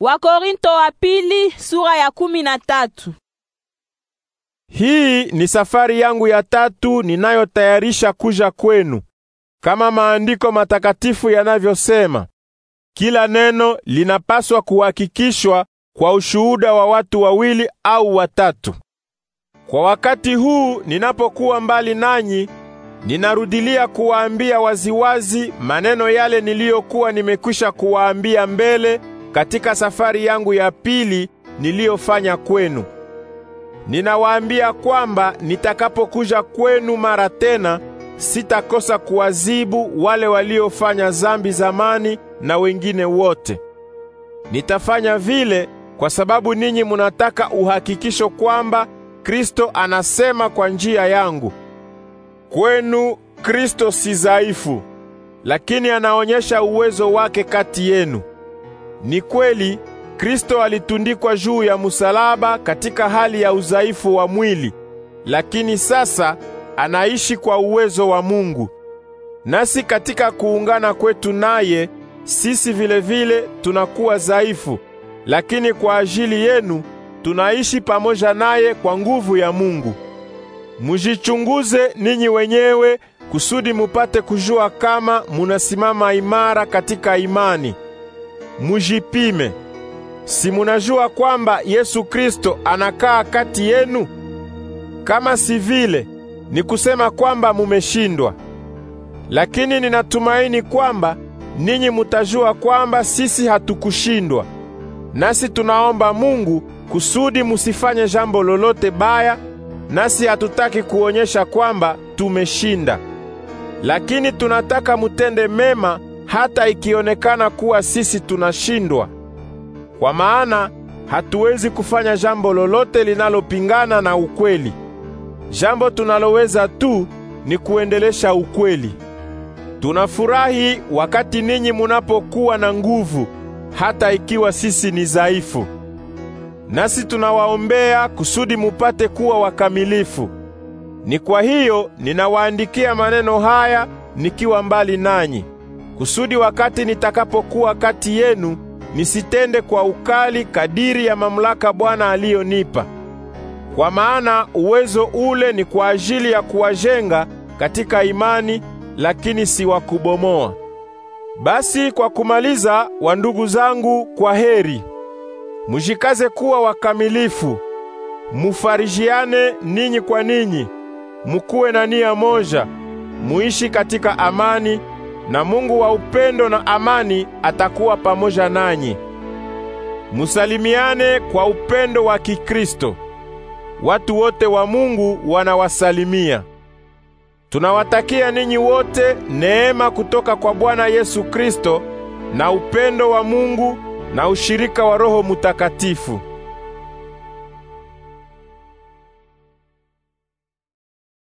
Wakorinto wa pili sura ya kumi na tatu. Hii ni safari yangu ya tatu ninayotayarisha kuja kwenu. Kama maandiko matakatifu yanavyosema, kila neno linapaswa kuhakikishwa kwa ushuhuda wa watu wawili au watatu. Kwa wakati huu ninapokuwa mbali nanyi, ninarudilia kuwaambia waziwazi maneno yale niliyokuwa nimekwisha kuwaambia mbele katika safari yangu ya pili niliyofanya kwenu. Ninawaambia kwamba nitakapokuja kwenu mara tena, sitakosa kuwazibu wale waliofanya zambi zamani na wengine wote. Nitafanya vile kwa sababu ninyi munataka uhakikisho kwamba Kristo anasema kwa njia yangu. Kwenu Kristo si dhaifu, lakini anaonyesha uwezo wake kati yenu. Ni kweli Kristo alitundikwa juu ya musalaba katika hali ya udhaifu wa mwili, lakini sasa anaishi kwa uwezo wa Mungu. Nasi katika kuungana kwetu naye sisi vilevile vile tunakuwa dhaifu, lakini kwa ajili yenu tunaishi pamoja naye kwa nguvu ya Mungu. Mujichunguze ninyi wenyewe kusudi mupate kujua kama munasimama imara katika imani mujipime. Si munajua kwamba Yesu Kristo anakaa kati yenu? Kama si vile, ni kusema kwamba mumeshindwa. Lakini ninatumaini kwamba ninyi mutajua kwamba sisi hatukushindwa. Nasi tunaomba Mungu kusudi musifanye jambo lolote baya, nasi hatutaki kuonyesha kwamba tumeshinda. Lakini tunataka mutende mema hata ikionekana kuwa sisi tunashindwa, kwa maana hatuwezi kufanya jambo lolote linalopingana na ukweli. Jambo tunaloweza tu ni kuendelesha ukweli. Tunafurahi wakati ninyi munapokuwa na nguvu, hata ikiwa sisi ni dhaifu. Nasi tunawaombea kusudi mupate kuwa wakamilifu. Ni kwa hiyo ninawaandikia maneno haya nikiwa mbali nanyi kusudi wakati nitakapokuwa kati yenu nisitende kwa ukali kadiri ya mamlaka Bwana aliyonipa. Kwa maana uwezo ule ni kwa ajili ya kuwajenga katika imani, lakini si wa kubomoa. Basi kwa kumaliza, wandugu zangu, kwa heri. Mujikaze kuwa wakamilifu, mufarijiane ninyi kwa ninyi, mukuwe na nia moja, muishi katika amani na Mungu wa upendo na amani atakuwa pamoja nanyi. Musalimiane kwa upendo wa Kikristo. Watu wote wa Mungu wanawasalimia. Tunawatakia ninyi wote neema kutoka kwa Bwana Yesu Kristo na upendo wa Mungu na ushirika wa Roho Mutakatifu.